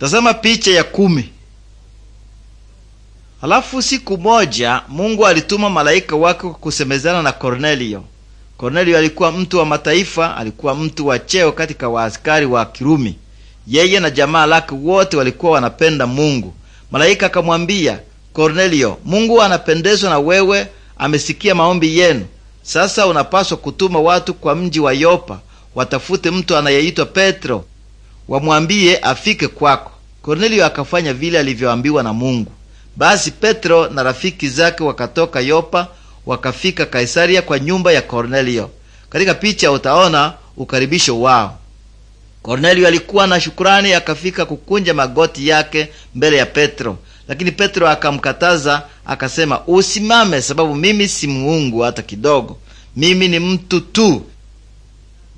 Tazama picha ya kumi. Halafu siku moja Mungu alituma malaika wake kwa kusemezana na Kornelio. Kornelio alikuwa mtu wa mataifa, alikuwa mtu wa cheo katika waaskari wa Kirumi. Yeye na jamaa lake wote walikuwa wanapenda Mungu. Malaika akamwambia Kornelio, Mungu anapendezwa na wewe, amesikia maombi yenu. Sasa unapaswa kutuma watu kwa mji wa Yopa, watafute mtu anayeitwa Petro wamwambie afike kwako. Kornelio akafanya vile alivyoambiwa na Mungu. Basi Petro na rafiki zake wakatoka Yopa wakafika Kaisaria kwa nyumba ya Kornelio. Katika picha utaona ukaribisho wao. Kornelio alikuwa na shukurani, akafika kukunja magoti yake mbele ya Petro, lakini Petro akamkataza akasema, usimame, sababu mimi si Mungu hata kidogo. Mimi ni mtu tu,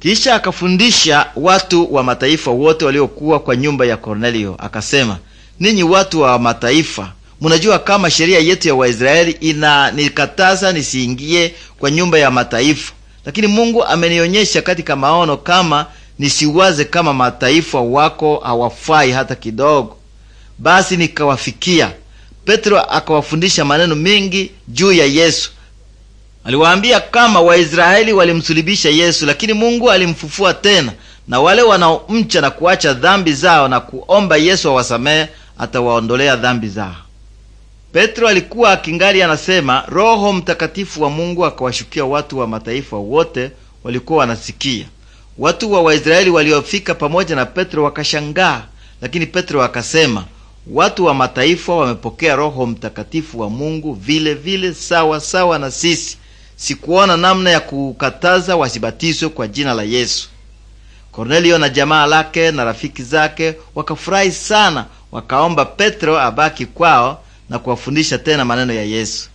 kisha akafundisha watu wa mataifa wote waliokuwa kwa nyumba ya Kornelio, akasema, ninyi watu wa mataifa, munajua kama sheria yetu ya Waisraeli inanikataza nisiingie kwa nyumba ya mataifa, lakini Mungu amenionyesha katika maono kama nisiwaze kama mataifa wako hawafai hata kidogo. Basi nikawafikia. Petro akawafundisha maneno mengi juu ya Yesu, Aliwaambia kama Waisraeli walimsulibisha Yesu, lakini Mungu alimfufua tena, na wale wanaomcha na kuacha dhambi zao na kuomba Yesu awasamehe atawaondolea dhambi zao. Petro alikuwa akingali anasema, Roho Mtakatifu wa Mungu akawashukia watu wa mataifa wote walikuwa wanasikia. Watu wa Waisraeli waliofika pamoja na Petro wakashangaa, lakini Petro akasema, watu wa mataifa wamepokea Roho Mtakatifu wa Mungu vile vile sawa sawa na sisi, sikuona namna ya kukataza wasibatizwe kwa jina la Yesu. Kornelio na jamaa lake na rafiki zake wakafurahi sana, wakaomba Petro abaki kwao na kuwafundisha tena maneno ya Yesu.